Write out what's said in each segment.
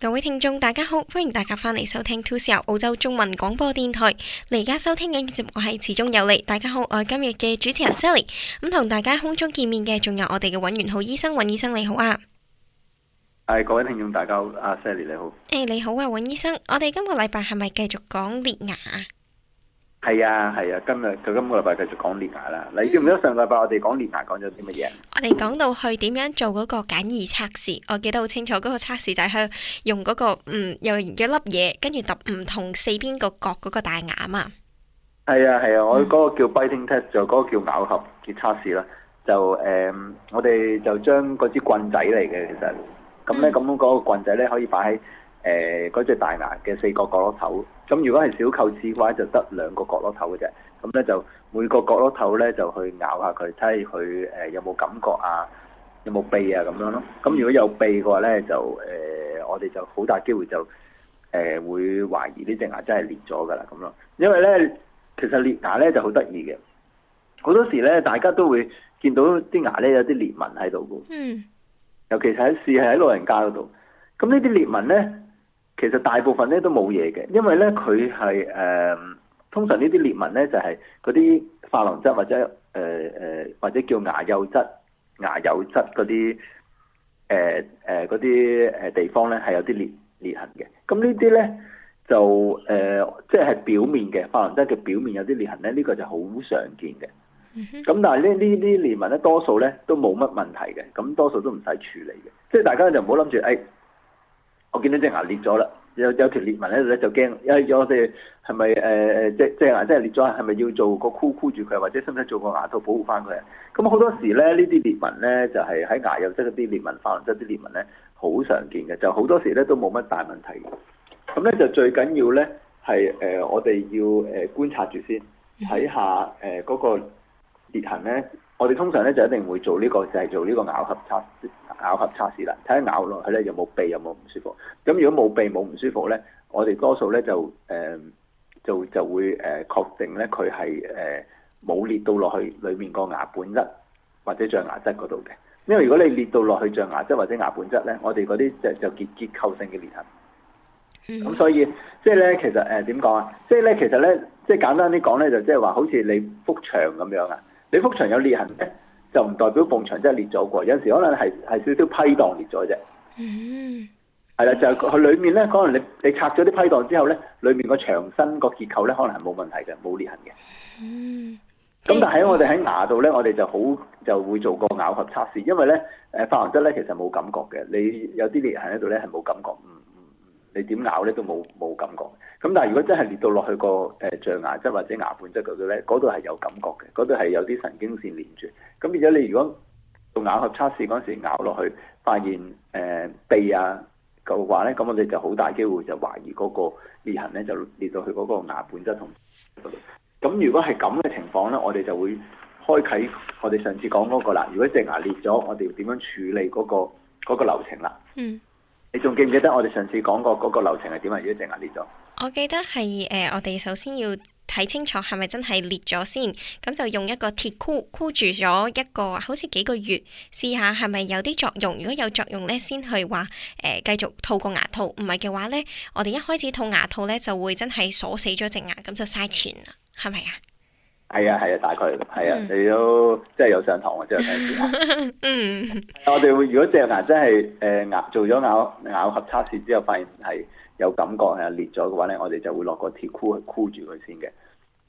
各位聽眾，大家好，歡迎大家翻嚟收聽 Too Show 澳洲中文廣播電台。你而家收聽嘅節目係齒中有理。大家好，我係今日嘅主持人 Sally，咁同大家空中見面嘅仲有我哋嘅尹元晧醫生，尹醫生你好啊！係各位聽眾，大家好，阿 Sally 你好。誒，hey, 你好啊，尹醫生。我哋今個禮拜係咪繼續講裂牙啊？係啊，係啊，今日佢今個禮拜繼續講裂牙啦。你知唔知？嗯、上個禮拜我哋講裂牙講咗啲乜嘢？我哋講到去點樣做嗰個簡易測試，我記得好清楚測試、那個。嗰、嗯、個測試就係用嗰個嗯又一粒嘢，跟住揼唔同四邊個角嗰個大牙嘛。係啊，係啊，我嗰個叫 biting test，就嗰個叫咬合嘅測試啦。就誒、嗯，我哋就將嗰支棍仔嚟嘅，其實。咁咧，咁嗰個棍仔咧可以擺喺誒嗰隻大牙嘅四個角，角落頭。咁如果係小臼齒嘅話，就得兩個角落頭嘅啫。咁咧就每個角落頭咧就去咬下佢，睇下佢誒有冇感覺啊，有冇鼻啊咁樣咯。咁如果有鼻嘅話咧，就誒、呃、我哋就好大機會就誒、呃、會懷疑呢隻牙真係裂咗㗎啦。咁咯，因為咧其實裂牙咧就好得意嘅，好多時咧大家都會見到啲牙咧有啲裂紋喺度嗯。尤其是喺市，係喺老人家嗰度，咁呢啲裂紋呢，其實大部分咧都冇嘢嘅，因為呢，佢係誒，通常呢啲裂紋呢，就係嗰啲琺瑯質或者誒誒、呃、或者叫牙釉質、牙釉質嗰啲誒誒啲誒地方呢，係有啲裂裂痕嘅，咁呢啲呢，就誒即係表面嘅琺瑯質嘅表面有啲裂痕呢，呢、呢個就好常見嘅。咁、嗯、但係呢呢啲裂紋咧，多數咧都冇乜問題嘅，咁多數都唔使處理嘅。即係大家就唔好諗住，誒、哎，我見到隻牙裂咗啦，有有條裂紋喺度咧，就驚，因為我哋係咪誒誒隻隻牙真係裂咗？係咪要做個箍箍住佢，或者使唔使做個牙套保護翻佢？咁好多時咧，呢啲裂紋咧就係、是、喺牙釉質嗰啲裂紋，牙黃質啲裂紋咧，好常見嘅，就好多時咧都冇乜大問題嘅。咁咧就最緊要咧係誒，我哋要誒觀察住先，睇下誒嗰、呃那個。裂痕咧，我哋通常咧就一定會做呢、呢個就係、係、做呢個咬合測試、咬合測試啦，睇下咬落去咧有冇痹，有冇唔舒服。咁如果冇痹、冇唔舒服咧，我哋多數咧就誒、呃、就就會誒確定咧佢係誒冇裂到落去裏面個牙本質或者象牙質嗰度嘅。因為如果你裂到落去象牙質或者牙本質咧，我哋嗰啲就就結結構性嘅裂痕。嗯，咁所以即係咧其實誒點講啊？即係咧其實咧即係簡單啲講咧就即係話好似你覆牆咁樣啊～你幅牆有裂痕咧，就唔代表埲牆真係裂咗過，有陣時可能係係少少批盪裂咗啫。係啦，就係、是、佢裏面咧，可能你你拆咗啲批盪之後咧，裏面個牆身個結構咧，可能係冇問題嘅，冇裂痕嘅。嗯，咁但係我哋喺牙度咧，我哋就好就會做個咬合測試，因為咧，誒，琺瑯質咧其實冇感覺嘅，你有啲裂痕喺度咧係冇感覺。嗯。你點咬咧都冇冇感覺，咁但係如果真係裂到落去個誒、呃、象牙質或者牙本質嗰度咧，嗰度係有感覺嘅，嗰度係有啲神經線連住。咁、嗯、變咗，你如果用咬合測試嗰時咬落去，發現誒痹、呃、啊嘅話咧，咁我哋就好大機會就懷疑嗰個裂痕咧就裂到去嗰個牙本質同嗰度。咁如果係咁嘅情況咧，我哋就會開啟我哋上次講嗰個啦。如果隻牙裂咗，我哋點樣處理嗰、嗰個嗰個流程啦？嗯。你仲記唔記得我哋上次講過嗰個流程係點啊？如果隻牙裂咗，我記得係誒、呃，我哋首先要睇清楚係咪真係裂咗先，咁就用一個鐵箍箍住咗一個，好似幾個月試下係咪有啲作用。如果有作用咧，先去話誒繼續套個牙套。唔係嘅話咧，我哋一開始套牙套咧就會真係鎖死咗隻牙，咁就嘥錢啦，係咪啊？係啊，係啊，大概，係啊，你都，即係有上堂啊，即係睇先，嗯， 我哋會如果隻牙真係誒牙做咗咬咬合測試之後，發現係有感覺係裂咗嘅話咧，我哋就會落個鐵箍去箍住佢先嘅。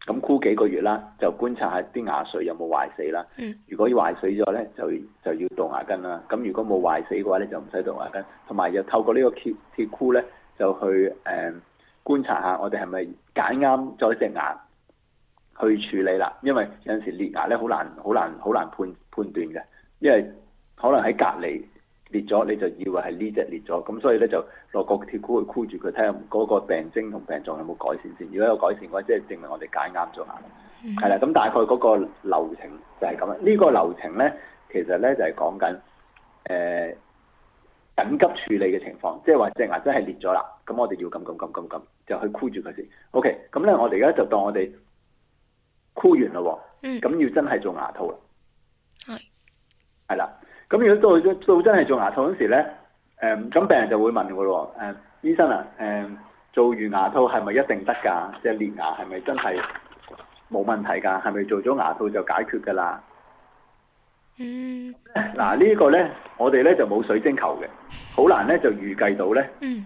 咁箍幾個月啦，就觀察下啲牙髓有冇壞死啦。 如果壞死咗咧，就就要動牙根啦。咁如果冇壞死嘅話咧，就唔使動牙根。同埋又透過呢個鐵鐵箍咧，就去誒、呃、觀察下我哋係咪揀啱咗隻牙。去處理啦，因為有陣時裂牙咧好難、好難、好難判判斷嘅，因為可能喺隔離裂咗，你就以為係呢隻裂咗，咁所以咧就落個鐵箍去箍住佢睇下嗰個病徵同病狀有冇改善先。如果有改善嘅話，即係證明我哋解啱咗牙。係啦，咁大概嗰個流程就係咁啦。呢、呢個流程咧，其實咧就係、係、講緊誒緊急處理嘅情況，即係話隻牙真係裂咗啦，咁我哋要咁、咁、咁、咁、咁就去箍住佢先。OK，咁咧我哋而家就當我哋。箍完咯，咁、嗯、要真係做牙套啦，係係啦，咁如果做真到真係做牙套嗰時咧，誒、呃，咁病人就會問我咯，誒、呃，醫生啊，誒、呃，做完牙套係咪一定得噶？隻、即係、裂牙係咪真係冇問題噶？係咪做咗牙套就解決噶啦、嗯？嗯，嗱、呢個、呢個咧，我哋咧就冇水晶球嘅，好難咧就預計到咧，嗯，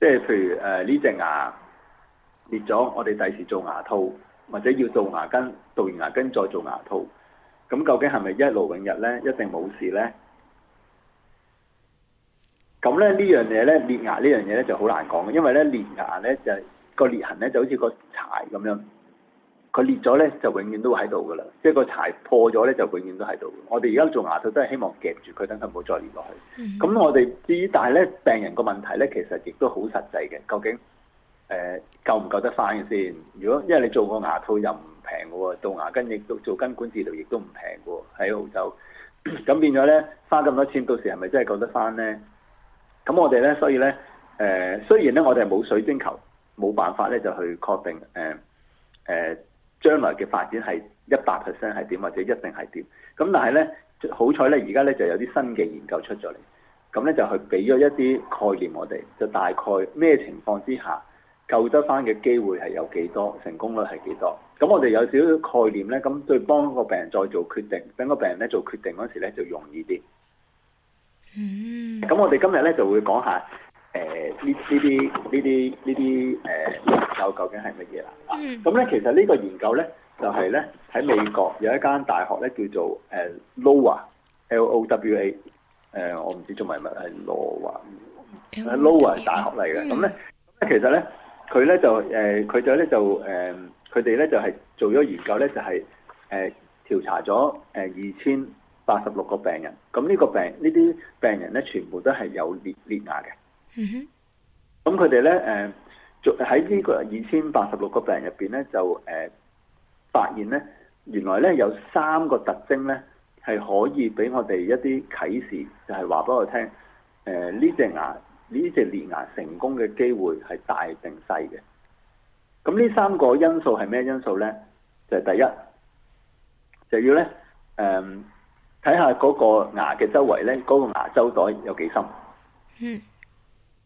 即係譬如誒呢隻牙裂咗，我哋第時做牙套。或者要做牙根，做完牙根再做牙套，咁究竟係咪一勞永逸咧？一定冇事咧？咁咧呢樣嘢咧，裂牙呢樣嘢咧就好難講嘅，因為咧裂牙咧就係個裂痕咧就好似個柴咁樣，佢裂咗咧就永遠都喺度噶啦，即係個柴破咗咧就永遠都喺度。我哋而家做牙套都係希望夾住佢，等佢唔好再裂落去。咁、嗯、我哋至於但係咧病人個問題咧，其實亦都好實際嘅，究竟？誒、呃、夠唔夠得翻嘅先？如果因為你做個牙套又唔平嘅喎，做牙根亦都做根管治療亦都唔平嘅喎，喺澳洲咁 變咗咧，花咁多錢，到時係咪真係夠得翻咧？咁我哋咧，所以咧，誒、呃、雖然咧，我哋係冇水晶球，冇辦法咧就去確定誒誒、呃呃、將來嘅發展係一百 percent 係點或者一定係點。咁但係咧，好彩咧，而家咧就有啲新嘅研究出咗嚟，咁咧就去俾咗一啲概念我，我哋就大概咩情況之下，救得翻嘅機會係有幾多，成功率係幾多？咁我哋有少少概念呢，咁對幫個病人再做決定，等個病人咧做決定嗰時呢，就容易啲。嗯。咁我哋今日呢就會講下，誒呢呢啲呢啲呢啲誒研究究竟係乜嘢啦？嗯。咁咧、啊、其實呢個研究呢，就係、是、呢喺美國有一間大學呢叫做誒 Lower、呃、L, owa, L O W A，誒、呃、我唔知做埋咪係 Lower，Lower 係大學嚟嘅。咁呢咁其實呢。佢咧就誒，佢、呃、就咧、呃、就誒，佢哋咧就係做咗研究咧、就係，就係誒調查咗誒二千八十六個病人。咁、嗯、呢、呢個病呢啲病人咧，全部都係有裂裂牙嘅。咁佢哋咧誒，就喺呢、啊、個二千八十六個病人入邊咧，就誒、呃、發現咧，原來咧有三個特徵咧，係可以俾我哋一啲啟示，就係話俾我聽誒呢、呃、隻牙。呢隻裂牙成功嘅機會係大定細嘅。咁呢三個因素係咩因素咧？就係第一就要咧，誒睇下嗰個牙嘅周圍咧，嗰個牙周袋有幾深。嗯，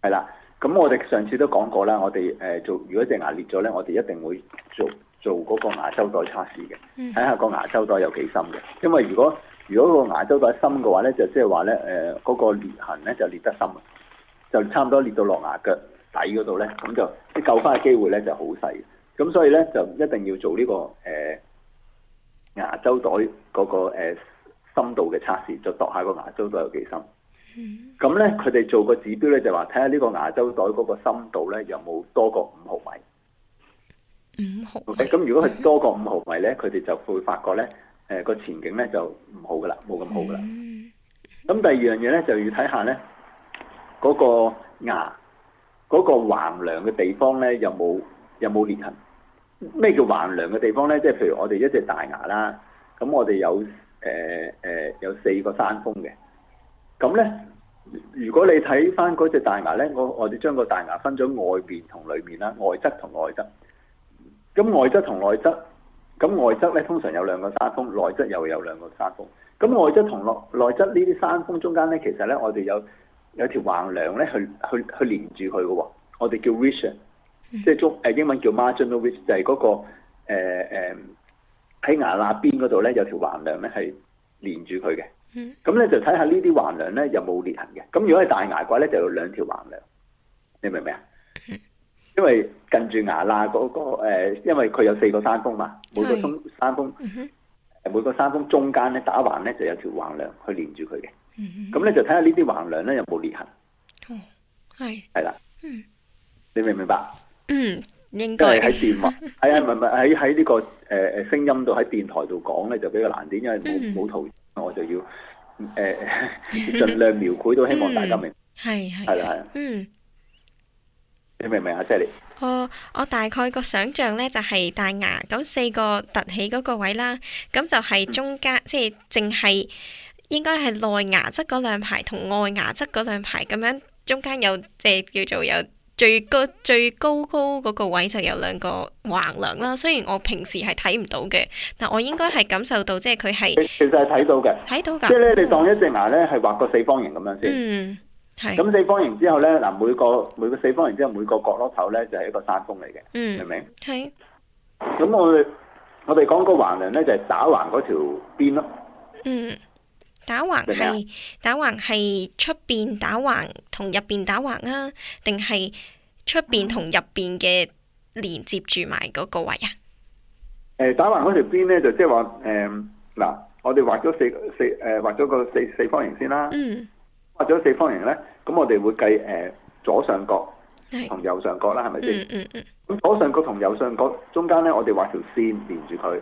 係啦。咁我哋上次都講過啦，我哋誒做如果隻牙裂咗咧，我哋一定會做做嗰個牙周袋測試嘅，睇下個牙周袋有幾深嘅。因為如果如果個牙周袋深嘅話咧，就即係話咧誒嗰個裂痕咧就裂得深。就差唔多裂到落牙腳底嗰度咧，咁就啲救翻嘅機會咧就好細，咁所以咧就一定要做呢個誒牙周袋嗰個誒深度嘅測試，就度下個牙周袋有幾深。咁咧佢哋做個指標咧就話睇下呢個牙周袋嗰個深度咧有冇多過五毫米。五毫。OK，咁如果係多過五毫米咧，佢哋就會發覺咧誒個前景咧就唔好噶啦，冇咁好噶啦。咁第二樣嘢咧就要睇下咧。嗰個牙嗰個橫梁嘅地方咧，有冇有冇裂痕？咩叫橫梁嘅地方咧？即係譬如我哋一隻大牙啦，咁我哋有誒誒有四個山峯嘅。咁咧，如果你睇翻嗰隻大牙咧，我我哋將個大牙分咗外邊同裏面啦，外側同內側。咁外側同內側，咁外側咧通常有兩個山峯，內側又有兩個山峯。咁外側同內內側呢啲山峯中間咧，其實咧我哋有。有條橫梁咧，去去去連住佢嘅喎，我哋叫 ridge、嗯、即係中誒英文叫 marginal ridge 就係嗰、嗰個誒喺牙罅邊嗰度咧有條橫梁咧係連住佢嘅。咁咧、嗯、就睇下呢啲橫梁咧有冇裂痕嘅。咁如果係大牙怪咧，就有兩條橫梁。你明唔明啊？因為近住牙罅嗰個因為佢有四個山峰嘛，每個峯山峯，嗯，每個山峯中間咧打橫咧就，就有條橫梁去連住佢嘅。咁咧就睇下呢啲橫梁咧有冇裂痕。係係啦，你明唔明白？嗯，應該係喺電話，係啊，唔係唔係喺喺呢個誒誒聲音度喺電台度講咧就比較難點，因為冇冇圖，我就要誒盡量描繪到希望大家明，係係係啦，嗯，你明唔明啊？即係你，我我大概個想象咧就係大牙咁四個凸起嗰個位啦，咁就係中間即係淨係。應該係內牙側嗰兩排同外牙側嗰兩排咁樣中間，中間有即係叫做有最高最高高嗰個位就有兩個橫梁啦。雖然我平時係睇唔到嘅，但我應該係感受到即係佢係其實係睇到嘅，睇到噶。即係你當一隻牙咧係畫個四方形咁樣先，嗯，係咁四方形之後咧嗱，每個每個四方形之後每個角落頭咧就係一個山峰嚟嘅，明唔明？係咁我我哋講個橫梁咧就係打橫嗰條邊咯，嗯。是打橫係打橫係出邊打橫同入邊打橫啊，定係出邊同入邊嘅連接住埋嗰個位啊？誒、呃，打橫嗰條邊咧就即係話誒，嗱、嗯，我哋畫咗四四誒畫咗個四四方形先啦。嗯。畫咗四方形咧，咁我哋會計誒、呃、左上角同右上角啦，係咪先？嗯嗯，咁左上角同右上角中間咧，我哋畫條線連住佢。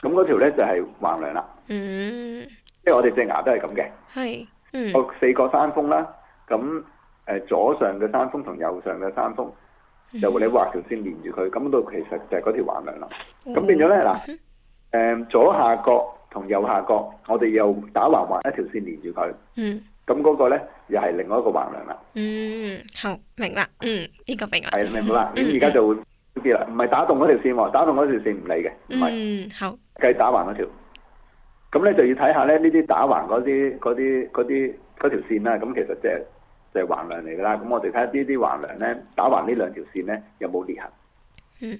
咁嗰條咧就係橫樑啦。嗯。嗯即係我哋隻牙都係咁嘅，係四個山峰啦，咁誒左上嘅山峰同右上嘅山峰，就會你畫條線連住佢，咁到其實就係嗰條橫梁啦。咁變咗咧，嗱，誒，左下角同右下角，我哋又打橫橫一條線連住佢，咁嗰個咧又係另外一個橫梁啦。嗯，好，明啦，嗯，呢個明啦。係，明白啦，咁而家就呢啲啦，唔係打戙嗰條線喎，打戙嗰條線唔理嘅。唔係，嗯，好，計打橫嗰條。咁咧就要睇下咧呢啲打橫嗰啲嗰啲啲條線啦、啊，咁其實即係即係橫梁嚟噶啦。咁、就是、我哋睇下呢啲橫梁咧，打橫呢兩條線咧有冇裂痕？嗯，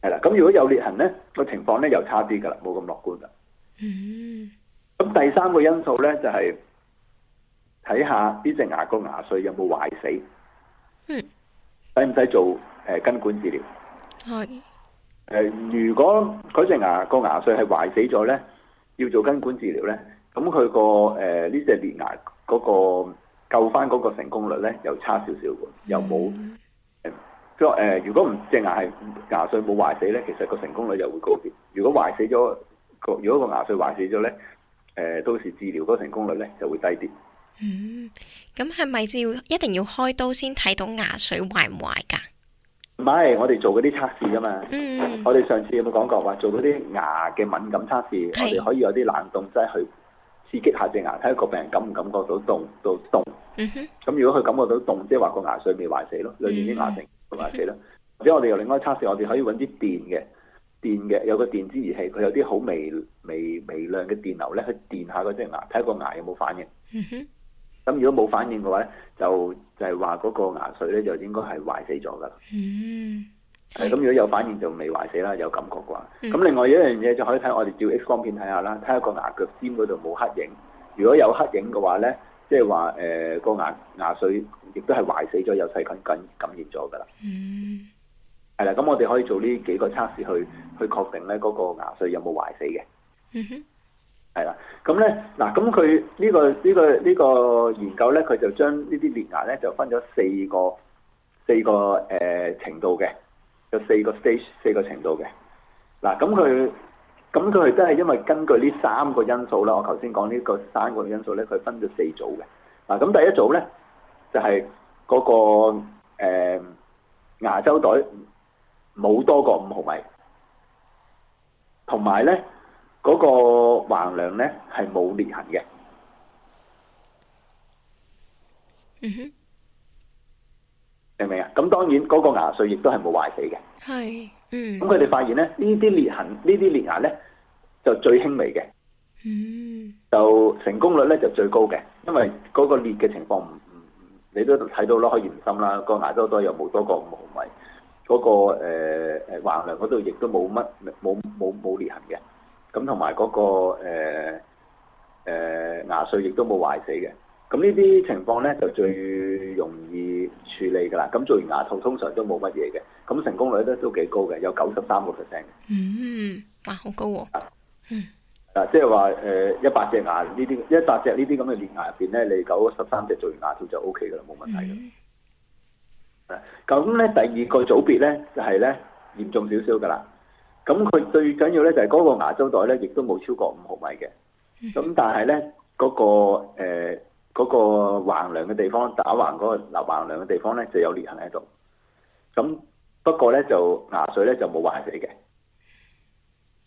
係 啦。咁如果有裂痕咧，個情況咧又差啲噶啦，冇咁樂觀啦。咁 第三個因素咧就係、是、睇下呢隻牙個牙髓有冇壞死？使唔使做誒、呃、根管治療？係。誒，如果嗰隻牙個牙髓係壞死咗咧，要做根管治療咧，咁佢個誒呢隻裂牙嗰個救翻嗰個成功率咧又差少少嘅，又冇誒，即係、嗯、如果唔隻牙係牙髓冇壞死咧，其實個成功率又會高啲；如果壞死咗，如果個牙髓壞死咗咧，誒到時治療嗰成功率咧就會低啲。嗯，咁係咪要一定要開刀先睇到牙髓壞唔壞㗎？唔係，我哋做嗰啲測試噶嘛。Mm hmm. 我哋上次有冇講過話做嗰啲牙嘅敏感測試？Mm hmm. 我哋可以有啲冷凍劑去刺激下隻牙，睇下個病人感唔感覺到凍到凍。咁、mm hmm. 如果佢感覺到凍，即係話個牙髓未壞死咯，類似啲牙髓未壞死咯。Mm hmm. 或者我哋又另外測試，我哋可以揾啲電嘅電嘅，有個電子儀器，佢有啲好微微微量嘅電流咧，去電下嗰隻牙，睇下個牙有冇反應。Mm hmm. 咁如果冇反應嘅話咧，就就係話嗰個牙髓咧，就應該係壞死咗噶啦。嗯、mm，係咁、hmm.，如果有反應就未壞死啦，有感覺啩。咁、mm hmm. 另外一樣嘢就可以睇，我哋照 X 光片睇下啦，睇下個牙腳尖嗰度冇黑影。如果有黑影嘅話咧，即係話誒個牙牙髓亦都係壞死咗，有細菌感感染咗噶啦。嗯、mm，係、hmm. 啦，咁我哋可以做呢幾個測試去去確定咧嗰個牙髓有冇壞死嘅。Mm hmm. 係啦，咁咧嗱，咁佢呢個呢個呢個研究咧，佢就將呢啲裂牙咧就分咗四個四個誒程度嘅，有四個 stage 四個程度嘅。嗱，咁佢咁佢真係因為根據呢三個因素啦，我頭先講呢個三個因素咧，佢分咗四組嘅。嗱，咁第一組咧就係嗰個誒牙周袋冇多過五毫米，同埋咧。嗰個橫梁咧係冇裂痕嘅，mm hmm. 明唔明啊？咁當然嗰個牙髓亦都係冇壞死嘅。係、mm，嗯。咁佢哋發現咧，呢啲裂痕、呢啲裂牙咧就最輕微嘅，mm hmm. 就成功率咧就最高嘅，因為嗰個裂嘅情況唔唔，你都睇到咯，可以唔深啦，那個牙周袋又冇多過五毫米，嗰、那個誒誒、呃、橫梁嗰度亦都冇乜冇冇冇裂痕嘅。同埋嗰個誒誒、呃呃、牙髓亦都冇壞死嘅，咁呢啲情況咧就最容易處理噶啦。咁做完牙套通常都冇乜嘢嘅，咁成功率咧都幾高嘅，有九十三個 percent。嗯，啊，好高，哦。嗯、 啊，即係話誒，一百隻牙呢啲，一百隻呢啲咁嘅裂牙入邊咧，你九十三隻做完牙套就 O K 噶啦，冇問題。嗯、啊，咁咁咧第二個組別咧就係咧嚴重少少噶啦。咁佢最緊要咧就係嗰個牙周袋咧，亦都冇超過五毫米嘅。咁但係咧，嗰、嗰個誒嗰、呃嗰個、橫梁嘅地方打橫嗰個嗱橫梁嘅地方咧，就有裂痕喺度。咁不過咧，就牙髓咧就冇壞死嘅。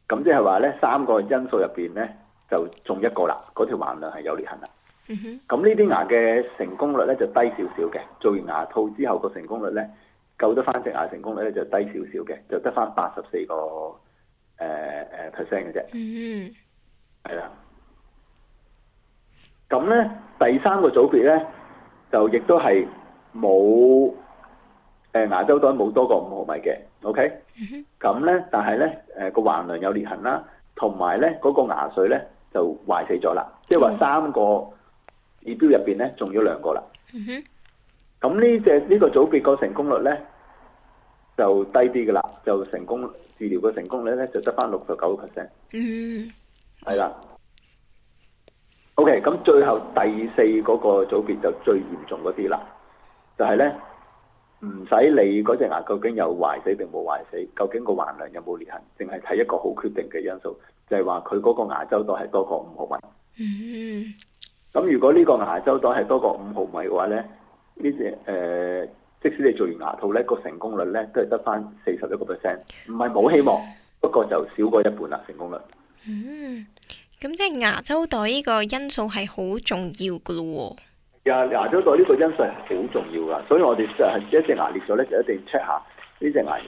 咁即係話咧，三個因素入邊咧，就中一個啦。嗰條橫梁係有裂痕啦。咁呢啲牙嘅成功率咧就低少少嘅。做完牙套之後個成功率咧。救得翻隻牙成功率咧就低少少嘅，就得翻八十四個誒誒 percent 嘅啫。嗯、呃，係、呃、啦。咁咧、mm hmm. 第三個組別咧就亦都係冇誒牙周袋冇多過五毫米嘅。OK，咁咧、mm hmm. 但係咧誒個橫梁有裂痕啦，同埋咧嗰個牙髓咧就壞死咗啦。即係話三個指標入邊咧中咗兩個啦。Mm hmm. mm hmm. 咁呢隻呢個組別個成功率咧就低啲噶啦，就成功治療嘅成功率咧就得翻六十九個 percent，係啦。OK，咁最後第四嗰個組別就最嚴重嗰啲啦，就係咧唔使理嗰隻牙究竟有壞死定冇壞死，究竟個橫梁有冇裂痕，淨係睇一個好決定嘅因素，就係話佢嗰個牙周袋係多過五毫米。咁 如果呢個牙周袋係多過五毫米嘅話咧，呢隻誒，即使你做完牙套咧，個成功率咧都係得翻四十一個 percent，唔係冇希望，不過、嗯、就少過一半啦成功率。嗯，咁、嗯、即係牙周袋呢個因素係好重要噶咯喎。牙周袋呢個因素係好重要噶，所以我哋就係一隻牙裂咗咧，就一定 check 下呢隻牙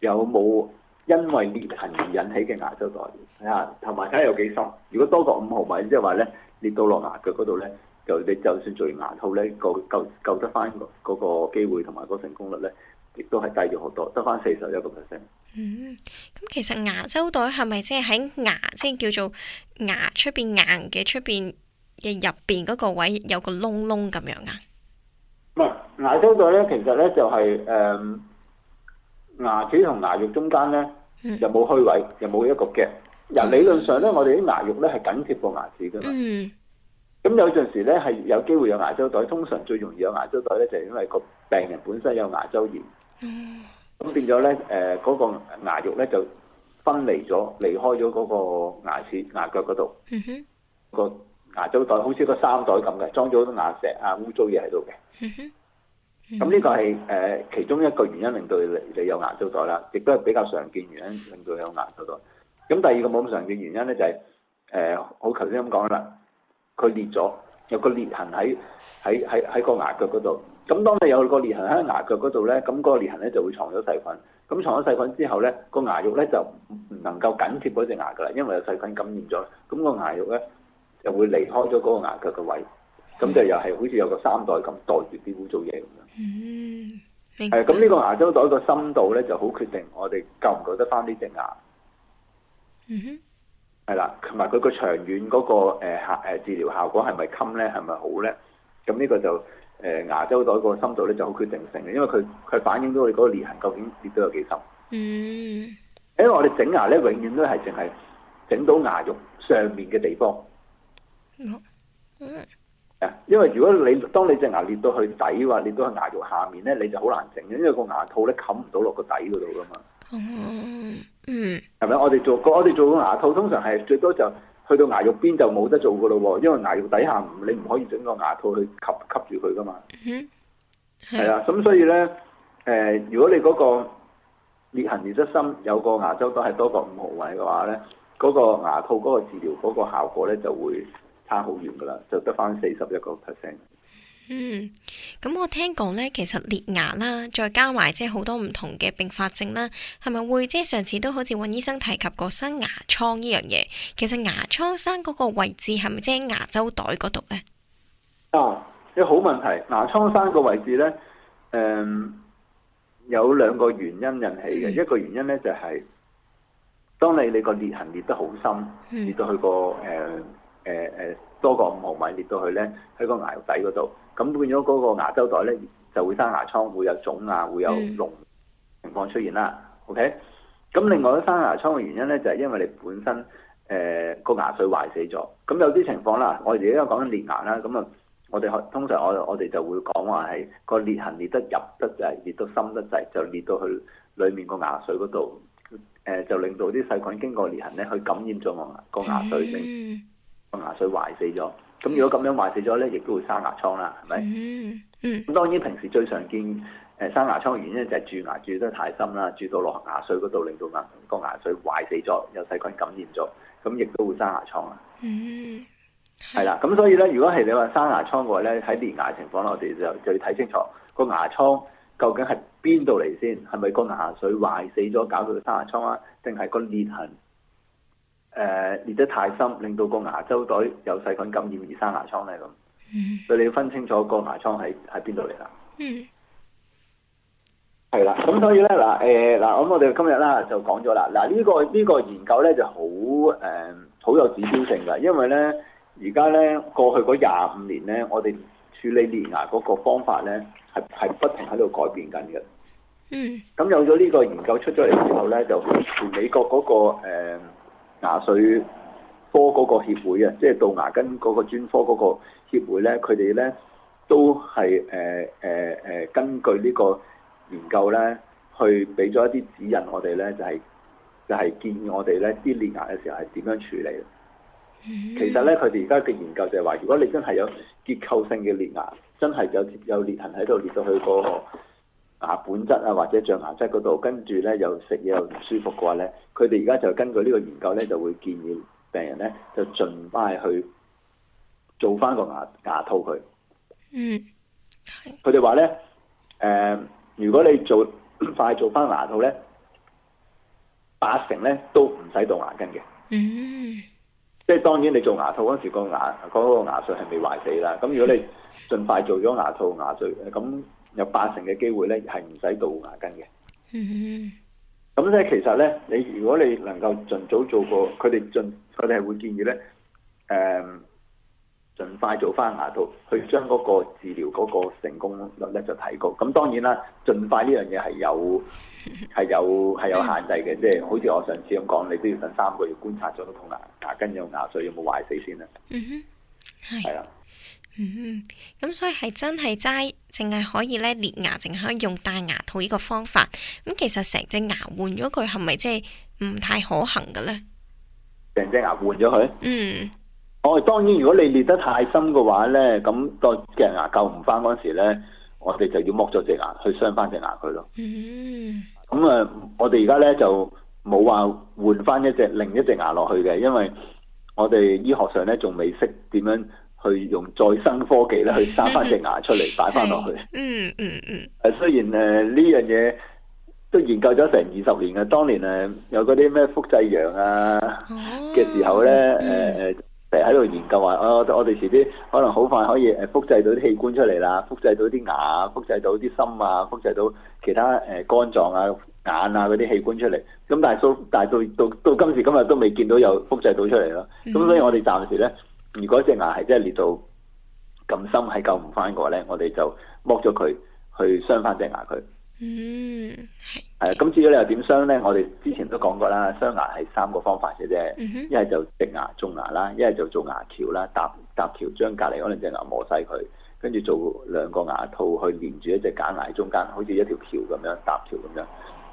有冇因為裂痕而引起嘅牙周袋。啊，同埋睇下有幾深，如果多過五毫米，即係話咧裂到落牙腳嗰度咧。就你就算做牙套咧，夠夠夠得翻嗰個機會同埋嗰成功率咧，亦都係低咗好多，得翻四十一個 percent。嗯，咁其實牙周袋係咪即係喺牙，即係叫做牙出邊硬嘅出邊嘅入邊嗰個位有個窿窿咁樣啊？唔係、嗯、牙周袋咧，其實咧就係、是、誒、嗯、牙齒同牙肉中間咧，又冇虛位，嗯、又冇一個嘅。a 嗱、嗯、理論上咧，我哋啲牙肉咧係緊貼過牙齒噶嘛。嗯咁有陣時咧係有機會有牙周袋，通常最容易有牙周袋咧就係、是、因為個病人本身有牙周炎，咁變咗咧誒，嗰個牙肉咧就分離咗，離開咗嗰個牙齒牙腳嗰度，個牙周袋好似個衫袋咁嘅，裝咗好多牙石啊污糟嘢，喺度嘅。咁呢個係誒、呃、其中一個原因令到你有牙周袋啦，亦都係比較常見原因令到你有牙周袋。咁第二個冇咁常見原因咧就係、是、誒、呃、我頭先咁講啦。佢裂咗，有個裂痕喺喺喺喺個牙腳嗰度。咁當你有個裂痕喺牙腳嗰度咧，咁嗰個裂痕咧就會藏咗細菌。咁藏咗細菌之後咧，個牙肉咧就唔能夠緊貼嗰隻牙腳㗎啦，因為有細菌感染咗。咁個牙肉咧就會離開咗嗰個牙腳嘅位。咁就又係好似有個衫袋咁袋住啲污糟嘢咁樣。嗯、mm，咁、hmm. 呢個牙周袋嘅深度咧就好決定我哋救唔救得翻呢隻牙。Mm hmm. 係啦，同埋佢個長遠嗰、那個誒、呃、治療效果係咪襟咧？係咪好咧？咁呢個就誒、呃、牙周袋個深度咧就好決定性嘅，因為佢佢反映到你哋嗰個裂痕究竟裂到有幾深。嗯，因為我哋整牙咧，永遠都係淨係整到牙肉上面嘅地方。好、嗯，嗯、因為如果你當你隻牙裂到去底或裂到去牙肉下面咧，你就好難整嘅，因為個牙套咧冚唔到落個底嗰度噶嘛。嗯嗯，係咪我哋做過？我哋做個牙套，通常係最多就去到牙肉邊就冇得做噶咯、啊，因為牙肉底下你唔可以整個牙套去吸吸住佢噶嘛。係啊、mm，咁、hmm. 所以咧，誒、呃，如果你嗰個裂痕裂得深，有個牙周骨係多過五毫位嘅話咧，嗰、那個牙套嗰個治療嗰個效果咧就會差好遠噶啦，就得翻四十一個 percent。嗯，咁我聽講咧，其實裂牙啦，再加埋即係好多唔同嘅併發症啦，係咪會即係上次都好似尹醫生提及過生牙瘡呢樣嘢？其實牙瘡生嗰個位置係咪即喺牙周袋嗰度咧？哦、啊，啲好問題，牙瘡生嘅位置咧，誒、嗯，有兩個原因引起嘅，嗯、一個原因咧就係、是，當你你個裂痕裂得好深，嗯、裂到去、呃呃、個誒誒誒多過五毫米，裂到去咧喺個牙底嗰度。咁變咗嗰個牙周袋咧，就會生牙瘡，會有腫啊，會有膿情況出現啦。嗯、OK，咁另外咧生牙瘡嘅原因咧，就係、是、因為你本身誒個、呃、牙髓壞死咗。咁有啲情況啦，我哋而家講緊裂牙啦，咁啊，我哋通常我我哋就會講話係個裂痕裂得入得滯，裂得深得滯，就裂到去裡面個牙髓嗰度，誒、呃、就令到啲細菌經過裂痕咧去感染咗個牙個牙髓，令個牙髓壞死咗。嗯咁如果咁樣壞死咗咧，亦都會生牙瘡啦，係咪？嗯、mm，咁、hmm. 當然平時最常見誒、呃、生牙瘡嘅原因就係蛀牙蛀得太深啦，蛀到落牙髓嗰度，令到牙個牙髓壞死咗，有細菌感染咗，咁亦都會生牙瘡啦。嗯、mm，係、hmm. 啦，咁所以咧，如果係你話生牙瘡嘅話咧，喺裂牙情況咧，我哋就就要睇清楚個牙瘡究竟係邊度嚟先，係咪個牙髓壞死咗搞到個生牙瘡啊？定係個裂痕？誒、呃，裂得太深，令到個牙周袋有細菌感染而生牙瘡咧，咁，mm. 所以你要分清楚個牙瘡喺喺邊度嚟啦。嗯，係啦、mm.，咁所以咧嗱，誒、呃，嗱，咁我哋今日啦就講咗啦，嗱呢個呢個研究咧就好誒，好、呃、有指標性噶，因為咧而家咧過去嗰廿五年咧，我哋處理裂牙嗰個方法咧係係不停喺度改變緊嘅。嗯。咁有咗呢個研究出咗嚟之後咧，就美國嗰、那個誒。呃牙髓科嗰個協會啊，即係杜牙根嗰個專科嗰個協會咧，佢哋咧都係誒誒誒根據呢個研究咧，去俾咗一啲指引我哋咧，就係、是、就係建議我哋咧啲裂牙嘅時候係點樣處理嘅。其實咧，佢哋而家嘅研究就係話，如果你真係有結構性嘅裂牙，真係有有裂痕喺度裂到去、嗰個。牙本質啊，或者象牙質嗰度，跟住咧又食嘢又唔舒服嘅話咧，佢哋而家就根據呢個研究咧，就會建議病人咧就盡快去做翻個牙牙套佢。嗯，佢哋話咧，誒、呃，如果你做快做翻牙套咧，八成咧都唔使動牙根嘅。嗯，即係當然你做牙套嗰時個牙嗰個牙髓係未壞死啦。咁如果你盡快做咗牙套，牙髓咁。有八成嘅機會咧，係唔使杜牙根嘅。咁咧、mm hmm. 嗯，其實咧，你如果你能夠盡早做過，佢哋盡，佢哋係會建議咧，誒、嗯，盡快做翻牙套，去將嗰個治療嗰個成功率咧就提高。咁、嗯、當然啦，盡快呢樣嘢係有係有係有限制嘅，即係好似我上次咁講，你都要等三個月觀察咗都痛牙牙根有牙髓有冇壞死先啦。嗯哼、mm，係、hmm. 是，係嗯，咁、嗯、所以係真係齋，淨係可以咧裂牙，淨係用戴牙套呢個方法。咁其實成隻牙換咗佢，係咪即係唔太可行嘅咧？成隻牙換咗佢？嗯。哦，當然，如果你裂得太深嘅話咧，咁個隻牙救唔翻嗰時咧，我哋就要剝咗隻牙去鑲翻隻牙佢咯、嗯嗯。嗯。咁啊、嗯，我哋而家咧就冇話換翻一隻另一隻牙落去嘅，因為我哋醫學上咧仲未識點樣。去用再生科技咧，去生翻隻牙出嚟，擺翻落去。嗯嗯嗯。誒，雖然誒呢、呃、樣嘢都研究咗成二十年嘅，當年誒、呃、有嗰啲咩複製羊啊嘅時候咧，誒誒誒成日喺度研究話、呃，我我哋遲啲可能好快可以誒複製到啲器官出嚟啦，複製到啲牙，複製到啲心啊，複製到其他誒肝臟啊、眼啊嗰啲器官出嚟。咁、嗯、但係所但係到到到今時今日都未見到有複製到出嚟咯。咁所以我哋暫時咧。如果隻牙係真係裂到咁深，係救唔翻嘅話咧，我哋就剝咗佢，去鑲翻隻牙佢。嗯、mm，係、hmm. 啊。咁至於你又點鑲咧？我哋之前都講過啦，鑲牙係三個方法嘅啫。一係就植牙，牙、種牙啦，一係就做牙橋啦，搭搭橋將隔離嗰兩隻牙磨細佢，跟住做兩個牙套去連住一隻假牙中間，好似一條橋咁樣搭橋咁樣。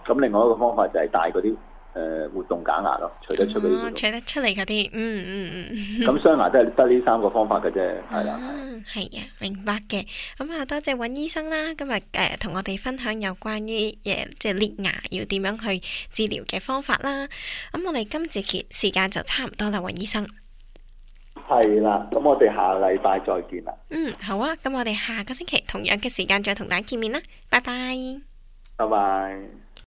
咁另外一個方法就係戴嗰啲。誒，活動假牙咯，取得出嗰、取、哦、得出嚟嗰啲，嗯嗯嗯。咁鑲 牙都係得呢三個方法嘅啫，係啦、嗯。係啊對，明白嘅。咁啊，多謝尹醫生啦，今日誒同我哋分享有關於誒即係裂牙要點樣去治療嘅方法啦。咁我哋今次結時間就差唔多啦，尹醫生。係啦，咁我哋下禮拜再見啦。嗯，好啊，咁我哋下個星期同樣嘅時間再同大家見面啦，拜拜。拜拜。